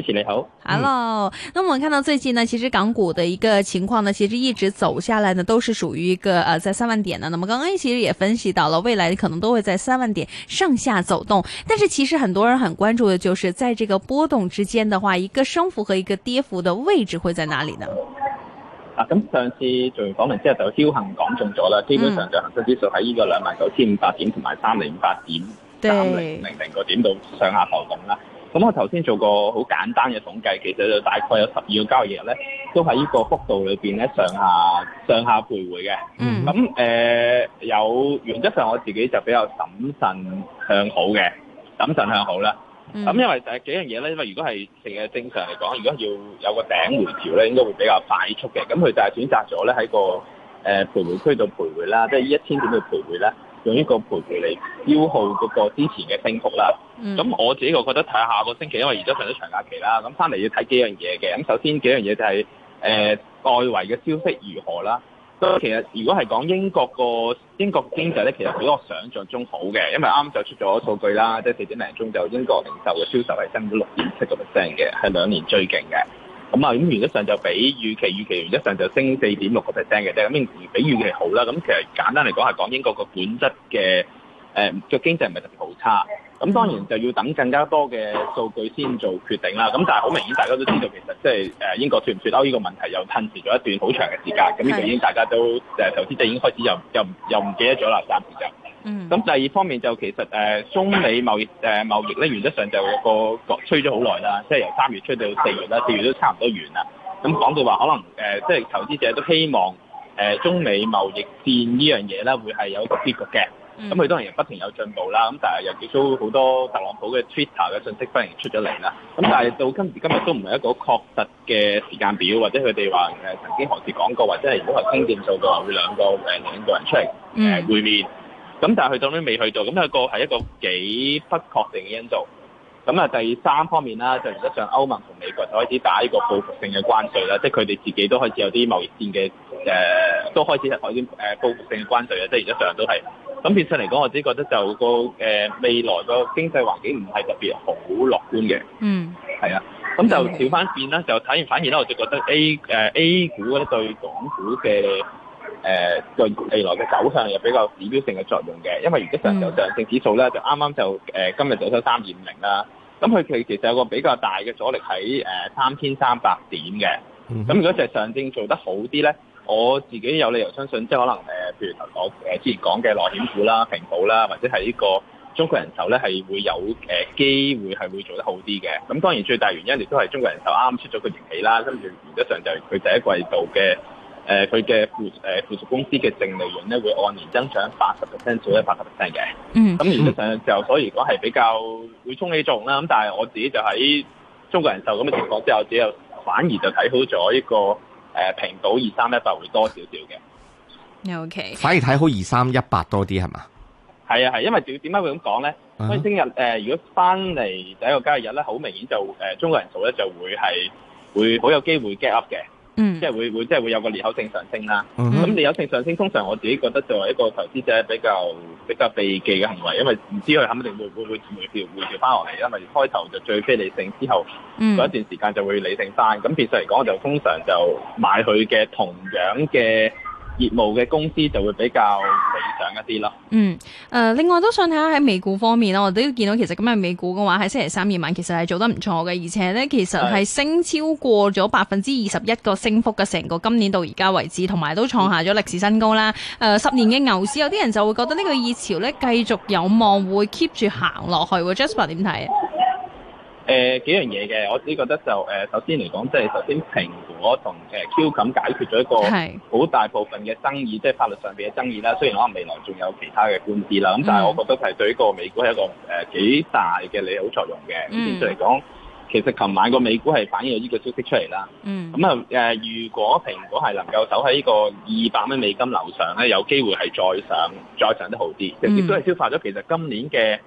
主持你好，Hello、嗯。那麼我們看到最近呢，其實港股的一個情況呢，其實一直走下來呢，都是屬於一個呃在三萬點呢。那麼剛剛其實也分析到了，未來可能都會在三萬點上下走動。但是其實很多人很關注的就是在這個波動之間的話，一個升幅和一個跌幅的位置會在哪裏呢？啊，咁上次做完訪問之後就僥幸講中咗啦，基本上就恒生指數喺呢個兩萬九千五百點同埋三零五八點三零零零個點度上下浮動啦。咁我頭先做個好簡單嘅統計，其實就大概有十二個交易日咧，都喺呢個幅度裏邊咧上下上下徘徊嘅。咁誒、嗯呃、有原則上我自己就比較審慎向好嘅，審慎向好啦。咁、嗯、因為誒幾樣嘢咧，因為如果係成日正常嚟講，如果要有個頂回調咧，應該會比較快速嘅。咁佢就係選擇咗咧喺個誒徘、呃、徊區度徘徊啦，即係呢一千點去徘徊咧。用呢個徘徊嚟消耗嗰個之前嘅升幅啦。咁、嗯、我自己我覺得睇下下個星期，因為而家上咗長假期啦，咁翻嚟要睇幾樣嘢嘅。咁首先幾樣嘢就係誒外圍嘅消息如何啦。咁其實如果係講英國個英國經濟咧，其實比我想象中好嘅，因為啱就出咗數據啦，即係四點零鐘，就英國零售嘅銷售係增咗六點七個 percent 嘅，係兩年最勁嘅。咁啊，咁、嗯、原則上就比預期預期原則上就升四點六個 percent 嘅啫，咁、嗯、比預期好啦。咁、嗯、其實簡單嚟講，係講英國個本質嘅誒嘅經濟唔係特別好差。咁、嗯嗯、當然就要等更加多嘅數據先做決定啦。咁、嗯、但係好明顯，大家都知道其實即係誒英國脫唔脫歐呢個問題又滯遲咗一段好長嘅時間。咁呢個已經大家都誒頭先就已經開始又又又唔記得咗啦，暫時就。咁第二方面就其實誒中美貿誒貿易咧，原則上就個個吹咗好耐啦，即係由三月吹到四月啦，四月都差唔多完啦。咁講到話可能誒，即係投資者都希望誒中美貿易戰呢樣嘢咧，會係有一個結局嘅。咁佢當然不停有進步啦，咁但係又見到好多特朗普嘅 Twitter 嘅信息，忽然出咗嚟啦。咁但係到今時今日都唔係一個確實嘅時間表，或者佢哋話誒曾經何時講過，或者係如果係傾掂數嘅話，會兩個誒兩個人出嚟誒會面。咁但係佢到尾未去做，咁呢個係一個幾不確定嘅因素。咁啊第三方面啦，就而家上歐盟同美國就開始打呢個報復性嘅關稅啦，即係佢哋自己都開始有啲貿易戰嘅誒、呃，都開始有啲誒報復性嘅關稅啦。即係而家上都係咁，變相嚟講，我自己覺得就、個誒、呃、未來個經濟環境唔係特別好樂觀嘅。嗯，係啊，咁就調翻轉啦，就睇完反而啦，我就覺得 A 誒、uh, A 股咧對港股嘅。誒對未來嘅走向有比較指標性嘅作用嘅，因為原則上就上證指數咧就啱啱就誒、呃、今日就收三二五零啦，咁佢其其實有個比較大嘅阻力喺誒三千三百點嘅，咁如果就係上證做得好啲咧，我自己有理由相信即係可能誒、呃，譬如頭講誒之前講嘅內險股啦、平保啦，或者係呢個中國人壽咧，係會有誒機、呃、會係會做得好啲嘅。咁當然最大原因亦都係中國人壽啱啱出咗個年尾啦，跟住原則上就係佢第一季度嘅。誒，佢嘅、呃、附誒、呃、附屬公司嘅淨利潤咧，會按年增長八十 percent 到一百個 percent 嘅。嗯，咁、mm hmm. 啊、原則上就所以如果係比較會衝起重啦，咁但係我自己就喺中國人壽咁嘅情況之後，只有反而就睇好咗呢、這個誒平保二三一八會多少少嘅。有其 Okay. 反而睇好二三一八多啲係嘛？係啊係、啊，因為點解會咁講咧？啊、所以聽日誒，如果翻嚟第一個交易日咧，好明顯就誒、呃呃、中國人壽咧就會係會好有機會 get up 嘅。嗯、mm hmm.，即係會會即係會有個裂口性上升啦。咁裂口性上升，通常我自己覺得作為一個投資者比較比較避忌嘅行為，因為唔知佢肯定會會，會，會回調回調翻落嚟。因為開頭就最非理性，之後嗰一段時間就會理性翻。咁其實嚟講，我就通常就買佢嘅同樣嘅。業務嘅公司就會比較理想一啲咯。嗯，誒、呃，另外都想睇下喺美股方面咯，我哋都見到其實今日美股嘅話喺星期三夜晚其實係做得唔錯嘅，而且呢，其實係升超過咗百分之二十一個升幅嘅，成個今年到而家為止，同埋都創下咗歷史新高啦。誒、呃，十年嘅牛市，有啲人就會覺得呢個熱潮呢，繼續有望會 keep 住行落去。Jasper 點睇？誒、呃、幾樣嘢嘅，我只覺得就誒、呃，首先嚟講，即係首先蘋果同誒、呃、Qualcomm 解決咗一個好大部分嘅爭議，是即係法律上邊嘅爭議啦。雖然可能未來仲有其他嘅官司啦，咁是但係我覺得係對呢個美股係一個誒、呃、幾大嘅利好作用嘅。咁點解嚟講？其實琴晚個美股係反映咗呢個消息出嚟啦。嗯，咁啊誒，如果蘋果係能夠走喺呢個二百蚊美金樓上咧，有機會係再上，再上得好啲，亦、嗯、都係消化咗其實今年嘅。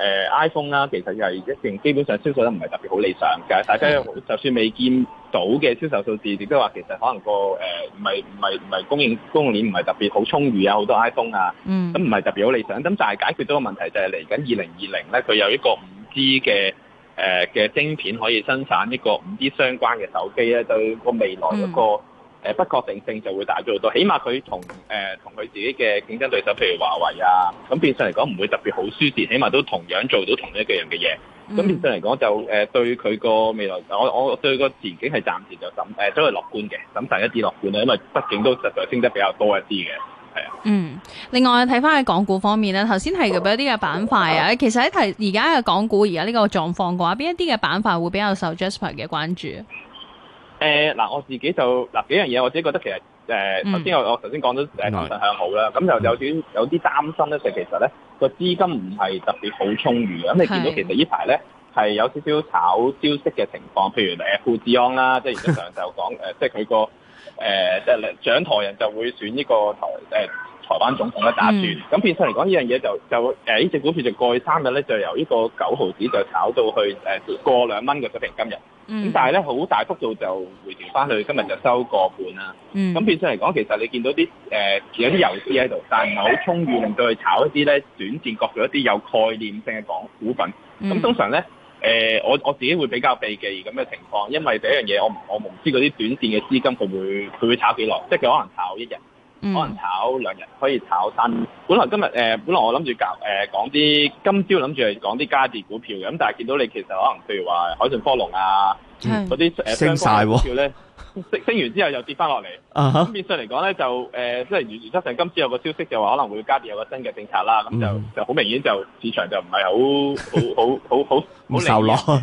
誒 iPhone 啦，其實係一定基本上銷售得唔係特別好理想嘅。大家就算未見到嘅銷售數字，亦都話其實可能個誒唔係唔係唔係供應供應鏈唔係特別好充裕啊，好多 iPhone 啊，咁唔係特別好理想。咁就係解決到個問題，就是，就係嚟緊二零二零咧，佢有一個五 G 嘅誒嘅晶片可以生產呢個五 G 相關嘅手機咧，對個未來嗰個。嗯誒、呃、不確定性就會大咗好多，起碼佢同誒同佢自己嘅競爭對手，譬如華為啊，咁變相嚟講唔會特別好輸蝕，起碼都同樣做到同一幾樣嘅嘢。咁、嗯、變相嚟講就誒、呃、對佢個未來，我我對佢個前景係暫時就審誒都係樂觀嘅，審慎一啲樂觀啊，因為畢竟都實在升得比較多一啲嘅，係啊。嗯，另外睇翻喺港股方面咧，頭先提及嘅一啲嘅板塊啊，嗯、其實喺提而家嘅港股而家呢個狀況嘅話，邊一啲嘅板塊會比較受 Jasper 嘅關注？誒嗱，我自己就嗱幾樣嘢，我自己覺得其實誒，頭先我我頭先講咗誒向上向好啦，咁就有啲有啲擔心咧，就其實咧個資金唔係特別好充裕，咁你見到其實呢排咧係有少少炒消息嘅情況，譬如誒富士康啦，即係事實上就講誒，即係佢個誒即係領獎台人就會選呢個台誒。 台灣總統咧打算，咁變相嚟講呢樣嘢就就誒呢隻股票就過去三日咧就由呢個九毫紙就炒到去誒、呃、過兩蚊嘅水平今日，咁、嗯、但係咧好大幅度就回調翻去，今日就收過半啦。咁變相嚟講，其實你見到啲誒、呃、有啲遊資喺度，但係唔係好充裕，令、嗯、到去炒一啲咧短線角咗一啲有概念性嘅港股份。咁、嗯嗯、通常咧誒、呃、我我自己會比較避忌咁嘅情況，因為第一樣嘢我我唔知嗰啲短線嘅資金佢會佢會，會炒幾耐，即係佢可能炒一日。嗯、可能炒兩日，可以炒新。本來今日誒、呃，本來我諗住搞誒、呃、講啲，今朝諗住係講啲家電股票嘅，咁但係見到你其實可能譬如話海信科龍啊，嗰啲誒雙方股票咧，升升完之後又跌翻落嚟。咁變相嚟講咧，就誒即係原則上今朝有個消息就話可能會家電，有個新嘅政策啦，咁、嗯、就就好明顯就市場就唔係好好好好好好受落。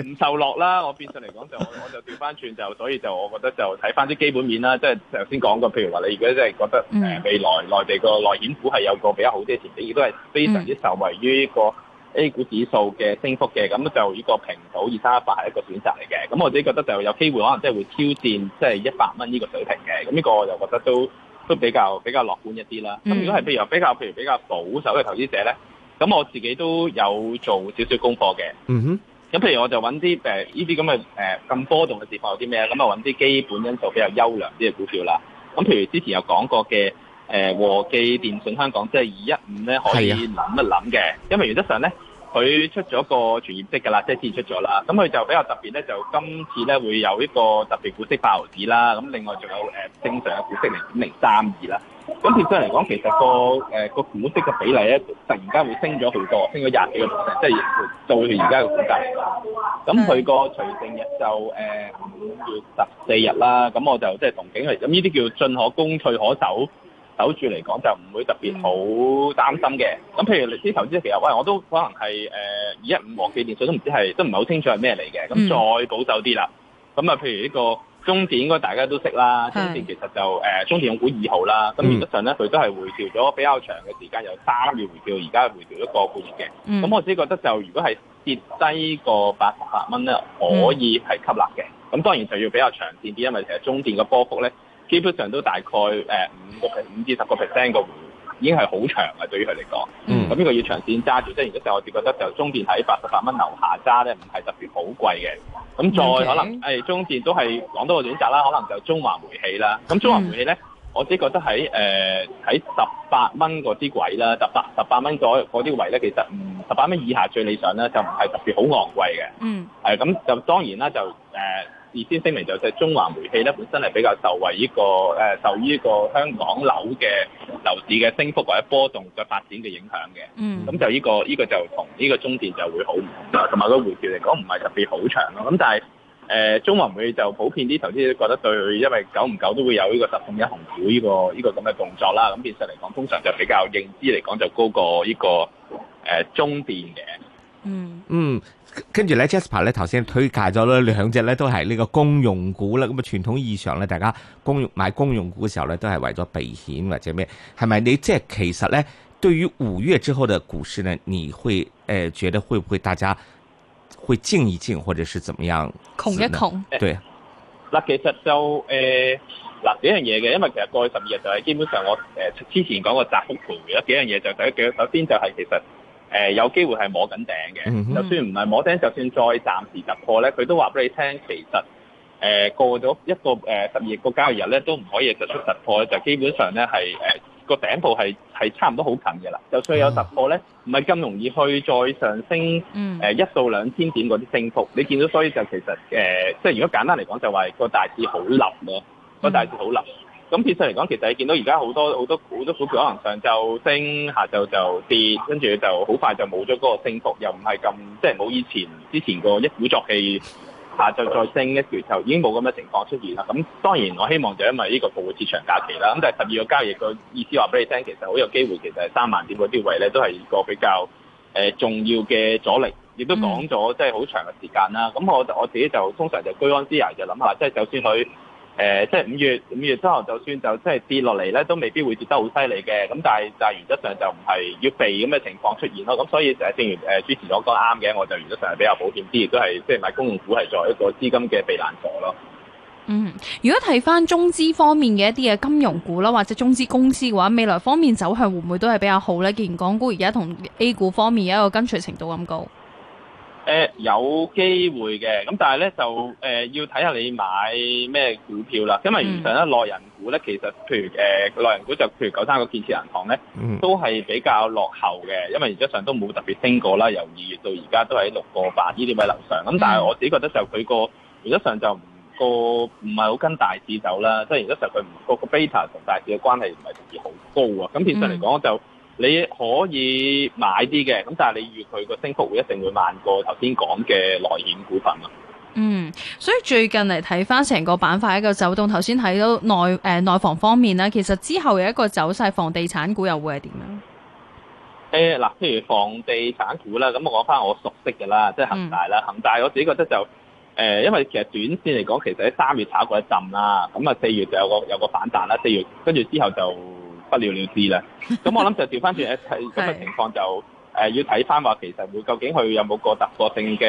唔 受落啦，我變相嚟講就我就調翻轉就，所以就我覺得就睇翻啲基本面啦，即係頭先講過，譬如話你如果真係覺得誒、mm hmm. 欸、未來內地個內險股係有個比較好啲前景，亦都係非常之受惠於呢個 A 股指數嘅升幅嘅。咁就呢個平保二三一八係一個選擇嚟嘅。咁我自己覺得就有機會可能即係會挑戰即係一百蚊呢個水平嘅。咁呢個我就覺得都都比較比較樂觀一啲啦。咁、mm hmm. 如果係譬如比較譬如比較保守嘅投資者咧，咁我自己都有做少少功課嘅。嗯哼、mm。Hmm. 咁譬如我就揾啲誒呢啲咁嘅誒咁波動嘅市況有啲咩咧？咁啊揾啲基本因素比較優良啲嘅股票啦。咁譬如之前有講過嘅誒、呃、和記電訊香港，即係二一五咧可以諗一諗嘅。啊、因為原則上咧，佢出咗個全業績㗎啦，即係先出咗啦。咁、嗯、佢就比較特別咧，就今次咧會有一個特別股息八毫子啦。咁、嗯、另外仲有誒正常嘅股息零點零三二啦。咁實際嚟講，其實個誒個股息嘅比例咧，突然間會升咗好多，升咗廿幾個 percent，即係到而家嘅股價嚟講。咁佢個除淨日就誒五月十四日啦。咁我就即係同警嚟，咁呢啲叫進可攻，退可守，守住嚟講就唔會特別好擔心嘅。咁譬如啲投資，其實喂，我都可能係誒二一五和記電訊都唔知係都唔係好清楚係咩嚟嘅。咁再保守啲啦。咁啊，譬如呢個。中電應該大家都識啦，中電其實就誒、呃、中電控股二號啦，咁原則上咧佢都係回調咗比較長嘅時間，有三月回調，而家回調咗個半月嘅。咁、嗯、我自己覺得就如果係跌低個八十八蚊咧，可以係吸納嘅。咁、嗯、當然就要比較長線啲，因為其實中電嘅波幅咧，基本上都大概誒五個五至十個 percent 個回。已經係好長嘅，對於佢嚟講。嗯，咁呢個要長線揸住，即係如果就我哋覺得就中電喺八十八蚊樓下揸咧，唔係特別好貴嘅。咁再可能誒、嗯 okay? 哎，中電都係講多個選擇啦，可能就中華煤氣啦。咁中華煤氣咧，我自己覺得喺誒喺十八蚊嗰啲位啦，十八十八蚊嗰啲位咧，其實十八蚊以下最理想啦，就唔係特別好昂貴嘅。嗯，誒咁、哎、就當然啦，就誒。呃事先聲明就係中華煤氣咧本身係比較受惠呢、這個誒、呃、受呢個香港樓嘅樓市嘅升幅或者波動嘅發展嘅影響嘅，嗯、mm. 這個，咁就呢個呢個就同呢個中電就會好唔同，啊，同埋個回調嚟講唔係特別好長咯。咁但係誒、呃、中華煤氣就普遍啲頭先覺得對，因為久唔久都會有呢個十碰一紅股呢、這個依、這個咁嘅動作啦。咁現實嚟講，通常就比較認知嚟講就高過呢、這個誒、呃、中電嘅，嗯嗯。跟住咧，Jasper 咧，頭先推介咗咧兩隻咧，都係呢個公用股啦。咁啊，傳統意義上咧，大家公用買公用股嘅時候咧，都係爲咗避險或者咩？係咪你即係其實咧，對於五月之後嘅股市咧，你會誒、呃、覺得會唔會大家會靜一靜，或者是怎麼樣？窮一窮？對。嗱，其實就誒，嗱、呃，幾樣嘢嘅，因爲其實過去十二日就係基本上我誒、呃、之前講個窄幅盤，有幾樣嘢就第、是、一，首先就係其實。誒、呃、有機會係摸緊頂嘅，mm hmm. 就算唔係摸頂，就算再暫時突破咧，佢都話俾你聽，其實誒、呃、過咗一個誒十二個交易日咧，都唔可以實質突破咧，就基本上咧係誒個頂部係係差唔多好近嘅啦。就算有突破咧，唔係咁容易去再上升誒一到兩千點嗰啲升幅。你見到，所以就其實誒、呃，即係如果簡單嚟講，就話個大市好冧咯，個大市好冧。Hmm. 嗯咁事實嚟講，其實你見到而家好多好多好多股票，可能上晝升，下晝就跌，跟住就好快就冇咗嗰個升幅，又唔係咁即係冇以前之前個一鼓作氣下晝再升一跌就已經冇咁嘅情況出現啦。咁當然我希望就因為呢個過節長假期啦，咁但係十二個交易個意思話俾你聽，其實好有機會其實係三萬點嗰啲位咧都係個比較誒、呃、重要嘅阻力，亦都講咗即係好長嘅時間啦。咁我我自己就通常就居安思危，就諗下即係就算佢。誒、呃，即係五月，五月七號就算就即係跌落嚟咧，都未必會跌得好犀利嘅。咁但係就係原則上就唔係要避咁嘅情況出現咯。咁、嗯、所以就係正如誒主持所講啱嘅，我就原則上係比較保險啲，亦都係即係買公用股係作為一個資金嘅避難所咯。嗯，如果提翻中資方面嘅一啲嘅金融股啦，或者中資公司嘅話，未來方面走向會唔會都係比較好咧？既然港股而家同 A 股方面有一個跟隨程度咁高。誒、呃、有機會嘅，咁、嗯、但係咧就誒、呃、要睇下你買咩股票啦。因啊，如上一內銀股咧，其實譬如誒內、呃、銀股就譬如九三個建設銀行咧，mm. 都係比較落後嘅，因為原則上都冇特別升過啦。由二月到而家都喺六個八呢啲位樓上。咁、嗯 mm. 但係我自己覺得就佢、那個原則上就唔個唔係好跟大市走啦，即、就、係、是、原則上佢、那個個 beta 同大市嘅關係唔係特別好高啊。咁其實嚟講我就。Mm. 你可以買啲嘅，咁但係你預佢個升幅會一定會慢過頭先講嘅內險股份咯。嗯，所以最近嚟睇翻成個板塊一個走動，頭先睇到內誒、呃、內房方面啦，其實之後有一個走勢，房地產股又會係點樣？誒嗱、欸，譬如房地產股啦，咁我講翻我熟悉嘅啦，即係恒大啦，嗯，恒大我自己覺得就誒、呃，因為其實短線嚟講，其實喺三月炒過一陣啦，咁啊四月就有個有個反彈啦，四月跟住之後就。不了了之啦，咁我諗就調翻轉誒，係今日情況就誒要睇翻話，其實會究竟佢有冇個突破性嘅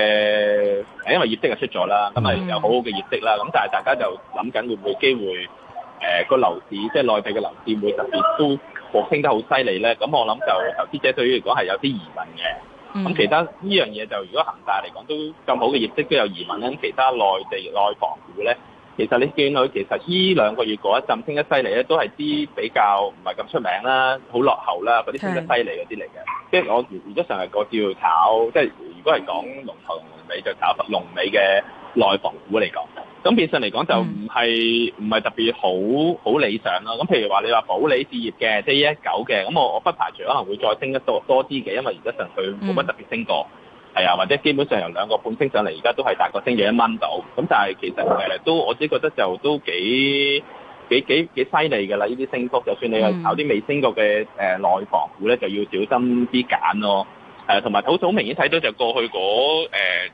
誒，因為業績又出咗啦，咁咪有好好嘅業績啦，咁但係大家就諗緊會唔會機會誒個樓市即係內地嘅樓市會特別都復升得好犀利咧？咁我諗就投資者對於嚟講係有啲疑問嘅，咁其他呢樣嘢就如果恒大嚟講都咁好嘅業績都有疑問咧，咁其他內地內房股咧？其實你見到其實依兩個月嗰一陣升得犀利咧，都係啲比較唔係咁出名啦，好落後啦，嗰啲升得犀利嗰啲嚟嘅。即係我而家成日個照炒，即係如果係講龍頭龍尾就炒龍尾嘅內房股嚟講，咁變相嚟講就唔係唔係特別好好理想咯、啊。咁譬如話你話保利置業嘅，即係一一九嘅，咁我我不排除可能會再升得多多啲嘅，因為而家成佢冇乜特別升過。Mm. 係啊，或者基本上由兩個半升上嚟，而家都係大概升咗一蚊到。咁但係其實誒都，我自己覺得就都幾幾幾幾犀利㗎啦！呢啲升幅，就算你去炒啲未升過嘅誒、呃、內房股咧，就要小心啲揀咯。誒、呃，同埋好早好明顯睇到就過去嗰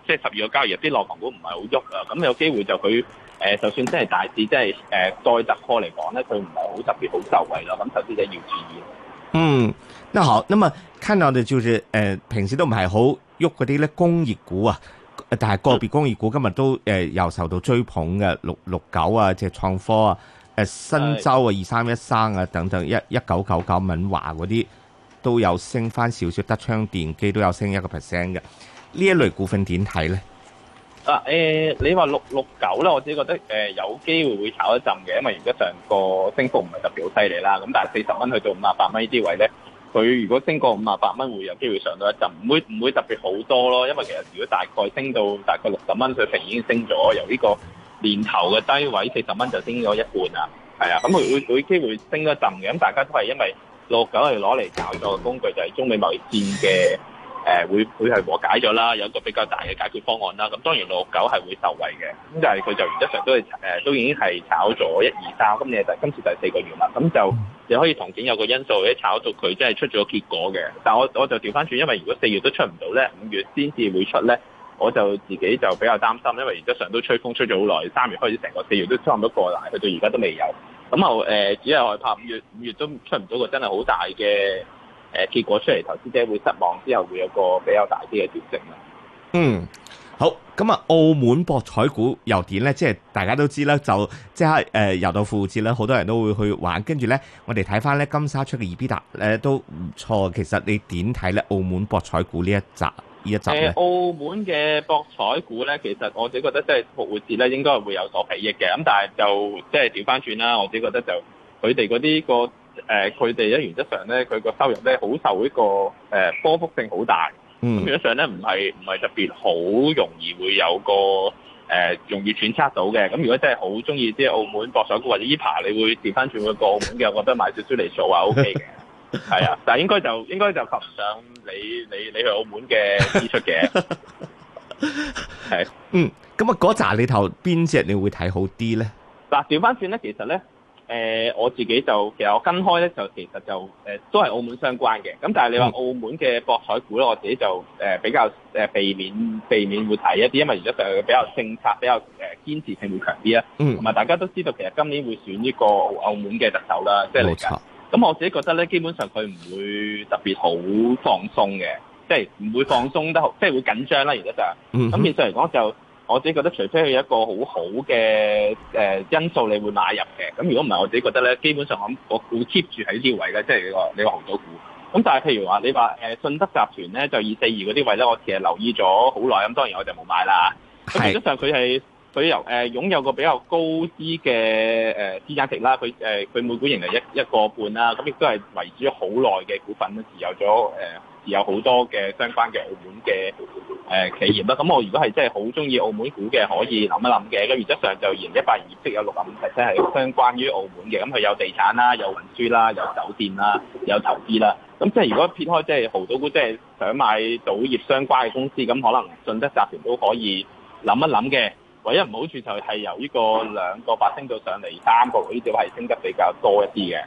即係十二個交易日啲內房股唔係好喐啊。咁有機會就佢誒、呃，就算真係大市即係誒再突破嚟講咧，佢唔係好特別好受惠咯。咁投資者要注意。嗯，那好，那麼看到我哋就是誒、呃，平時都唔係好喐嗰啲咧工業股啊，但係個別工業股今日都誒、呃、又受到追捧嘅，六六九啊，即係創科啊，誒、呃、申洲啊，二三一三啊等等，一一九九九敏華嗰啲都有升翻少少，德昌電機都有升一個 percent 嘅，呢一類股份點睇咧？啊誒，你話六六九咧，我自己覺得誒有機會會炒一陣嘅，因為而家上個升幅唔係特別好犀利啦。咁但係四十蚊去到五啊八蚊呢啲位咧，佢如果升過五啊八蚊，會有機會上到一陣，唔會唔會特別好多咯。因為其實如果大概升到大概六十蚊水平已經升咗，由呢個年頭嘅低位四十蚊就升咗一半啦。係啊，咁佢會會會機會升一陣嘅，咁大家都係因為六九係攞嚟炒作嘅工具，就係中美貿易戰嘅。誒會會係和解咗啦，有一個比較大嘅解決方案啦。咁當然六六九係會受惠嘅，咁但係佢就原則上都係誒，都已經係炒咗一二三，咁你第今次第四個月啦。咁就你可以同點有個因素，一炒到佢真係出咗結果嘅。但係我我就調翻轉，因為如果四月都出唔到咧，五月先至會出咧，我就自己就比較擔心，因為原則上都吹風吹咗好耐，三月開始成個四月都差唔多過嚟，去到而家都未有。咁我誒，只係害怕五月五月都出唔到、呃、出個真係好大嘅。誒，結果出嚟，投資者會失望，之後會有個比較大啲嘅調整啊。嗯，好，咁啊，澳門博彩股又點咧？即係大家都知啦，就即係誒，又、呃、到復活節啦，好多人都會去玩，跟住咧，我哋睇翻咧金沙出嘅 EBITDA 誒，都唔錯。其實你點睇咧？澳門博彩股呢一集呢一集澳門嘅博彩股咧，其實我自己覺得即係復活節咧，應該係會有所裨益嘅。咁但係就即係調翻轉啦，我自己覺得就佢哋嗰啲個。誒佢哋喺原則上咧，佢個、呃、收入咧好受一個誒、呃、波幅性好大，咁原則上咧唔係唔係特別好容易會有個誒、呃、容易揣測到嘅。咁如果真係好中意即係澳門博上股或者依排，你會調翻轉去個澳門嘅，我覺得買少少嚟做係 OK 嘅，係啊， 但係應該就應該就及唔上你你你去澳門嘅支出嘅，係 的嗯，咁啊嗰扎裏頭邊隻你會睇好啲咧？嗱，調翻轉咧，其實咧。誒我自己就其實我跟開咧就其實就誒、呃、都係澳門相關嘅，咁但係你話澳門嘅博彩股咧，我自己就誒、呃、比較誒避免避免會睇一啲，因為而家就比較政策比較誒堅持性會強啲啊。同埋、嗯、大家都知道，其實今年會選呢個澳門嘅特首啦，即係嚟緊。咁我自己覺得咧，基本上佢唔會特別好放鬆嘅，即係唔會放鬆得好，即、就、係、是、會緊張啦。而家就，咁變相嚟講就。我自己覺得，除非佢有一個好好嘅誒因素，你會買入嘅。咁如果唔係，我自己覺得咧，基本上我我會 keep 住喺呢啲位嘅，即係個你個紅籌股。咁但係譬如話，你話誒信德集團咧，就二四二嗰啲位咧，我其實留意咗好耐，咁當然我就冇買啦。咁是其實上佢係佢由誒、呃、擁有個比較高啲嘅誒資產值啦，佢誒佢每股盈利一一個半啦，咁、啊、亦都係維持咗好耐嘅股份持有咗誒。呃有好多嘅相關嘅澳門嘅誒、呃、企業啦，咁我如果係真係好中意澳門股嘅，可以諗一諗嘅。咁原則上就現一八百業績有六十五 percent 係相關於澳門嘅，咁、嗯、佢有地產啦，有運輸啦，有酒店啦，有投資啦。咁、嗯、即係如果撇開即係豪賭股，即係想買賭業相關嘅公司，咁、嗯、可能信德集團都可以諗一諗嘅。唯一唔好處就係由呢個兩個八升到上嚟三個，呢隻係升得比較多一啲嘅。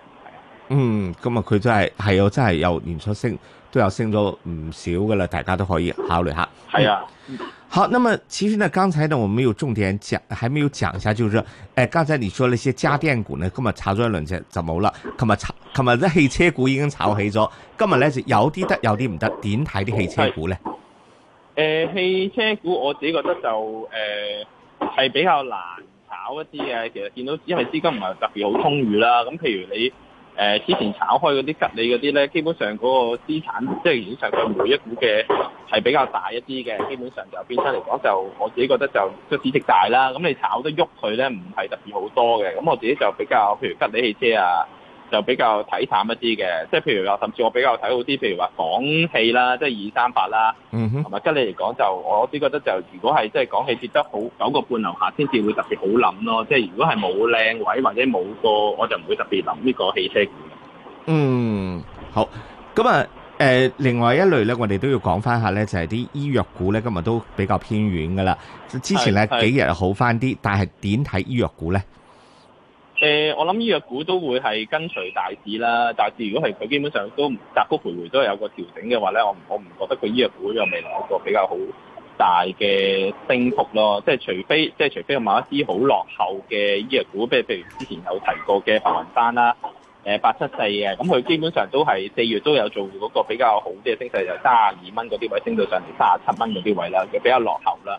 嗯，咁啊，佢真係係啊，真係有年出升。都有升咗唔少㗎喇，大家都可以考慮下。係啊、嗯，好。那麼其實呢，剛才呢，我們有重點講，還沒有講一下，就是誒，剛才你說那些家電股呢，今日炒咗一輪就就冇啦。琴日炒，琴日啲汽車股已經炒起咗，今日呢，就有啲得，有啲唔得，得。點睇啲汽車股呢、呃？汽車股我自己覺得就誒係、呃、比較難炒一啲嘅。其實見到只係資金唔係特別好充裕啦。咁譬如你。誒、呃、之前炒開嗰啲吉利嗰啲咧，基本上嗰個資產即係佢嘅每一股嘅係比較大一啲嘅，基本上就變身嚟講就我自己覺得就個市值大啦。咁你炒得喐佢咧，唔係特別好多嘅。咁我自己就比較譬如吉利汽車啊。就比較睇淡一啲嘅，即係譬如話，甚至我比較睇好啲，譬如話廣汽啦，即係二三八啦，嗯哼，同埋跟你嚟講，就我都覺得就如果係即係廣汽跌得好九個半樓下，先至會特別好諗咯。即係如果係冇靚位或者冇個，我就唔會特別諗呢個汽車股。嗯，好，咁啊，誒、呃，另外一類咧，我哋都要講翻下咧，就係、是、啲醫藥股咧，今日都比較偏遠噶啦。之前咧幾日好翻啲，但係點睇醫藥股咧？誒、呃，我諗醫藥股都會係跟隨大市啦。大市如果係佢基本上都唔窄幅徘徊，回都有個調整嘅話咧，我我唔覺得佢醫藥股有未來一個比較好大嘅升幅咯。即係除非，即係除非有某一啲好落後嘅醫藥股，譬如譬如之前有提過嘅白雲山啦，誒八七四嘅，咁佢、嗯、基本上都係四月都有做嗰個比較好，即係升勢就三十二蚊嗰啲位升到上嚟三十七蚊嗰啲位啦，就比較落後啦。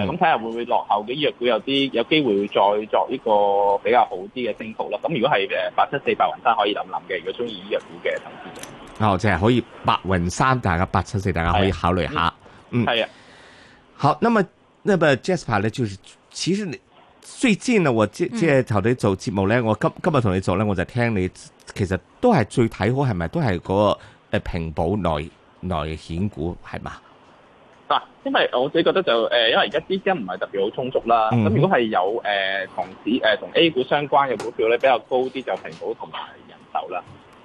咁睇下會唔會落後嘅醫藥股有啲有機會會再作呢個比較好啲嘅升幅咯。咁、嗯、如果係誒八七四、白雲山可以諗諗嘅。如果中意醫藥股嘅投資者，哦，即、就、係、是、可以白雲山，大家八七四，大家可以考慮下。嗯，係、嗯、啊。好，那麼那麼 Jasper 咧，就其實你，然知啦，我即即係頭你做節目咧，嗯、我今今日同你做咧，我就聽你，其實都係最睇好係咪都係嗰個誒平保內內險股係嘛？因為我自己覺得就誒，因為而家資金唔係特別好充足啦。咁如果係有誒、呃、同市誒同 A 股相關嘅股票咧，比較高啲就平保同埋人壽啦。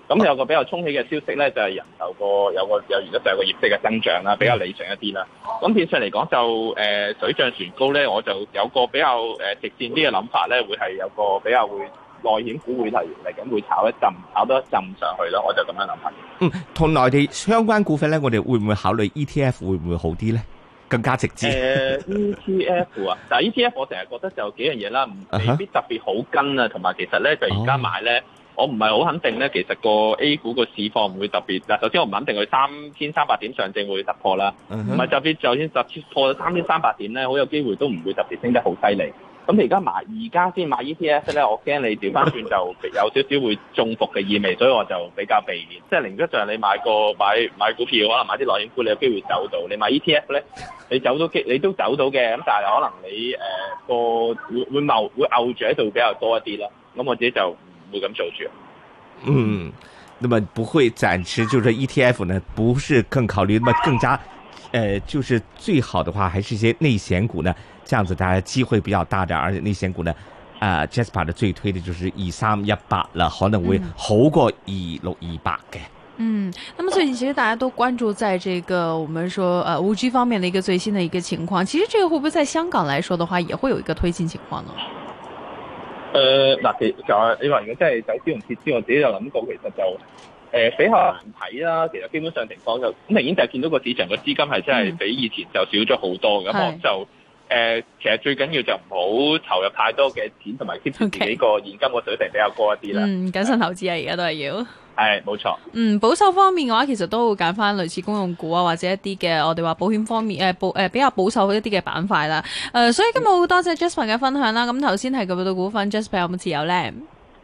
咁有個比較沖喜嘅消息咧，就係、是、人壽個有個有而家就有個業績嘅增長啦，比較理想一啲啦。咁變相嚟講就誒、呃、水漲船高咧，我就有個比較誒直線啲嘅諗法咧，會係有個比較會內險股會提嚟緊會炒一陣，炒多一陣上去咯。我就咁樣諗法。嗯，同內地相關股份咧，我哋會唔會考慮 ETF 會唔會好啲咧？更加直接。誒，E T F 啊，嗱，E T F 我成日覺得就有幾樣嘢啦，唔未必特別好跟啊，同埋、uh huh. 其實咧，就而家買咧，我唔係好肯定咧，其實個 A 股個市況唔會特別。嗱、呃，首先我唔肯定佢三千三百點上證會突破啦，唔係、uh huh. 特別就算突破咗三千三百點咧，好有機會都唔會特別升得好犀利。咁而家買，而家先買 E T F 咧，我驚你調翻轉就有少少會中伏嘅意味，所以我就比較避免。即係另一就係你買個買買股票，可能買啲內險股，你有機會走到。你買 E T F 咧，你走到基，你都走到嘅，咁但係可能你誒個會會冇會住喺度比較多一啲啦。咁我自己就唔會咁做住。嗯，咁啊，不會暫時就是 E T F 呢？不是更考慮咁更加。誒，呃、就是最好的話，還是一些內險股呢？這樣子大家機會比較大啲，而且內險股呢，呃、啊，Jasper 的最推的就是18、嗯、以三一八啦，可能會好過二六二八嘅。嗯，那麼，最近其實大家都關注在這個，我們說誒，五 G 方面的一個最新的一個情況。其實呢個會不會在香港來說的話，也會有一個推進情況呢、嗯？誒音琴，嗱，其實講嚟講去，喺喺喺呢種情況，我自己有諗過，其實就。音琴音琴誒，比較難睇啦。其實基本上情況就，明顯就係見到個市場個資金係真係比以前就少咗好多嘅。咁、嗯、就誒、呃，其實最緊要就唔好投入太多嘅錢，同埋 keep 住自己個現金個水平比較高一啲啦。嗯，謹慎投資啊，而家都係要。係，冇錯。嗯，保守方面嘅話，其實都會揀翻類似公用股啊，或者一啲嘅我哋話保險方面誒、呃、保誒、呃、比較保守一啲嘅板塊啦。誒、呃，所以今日好多謝 Jasper 嘅分享啦。咁頭先係佢報到股份，Jasper 有冇持有咧？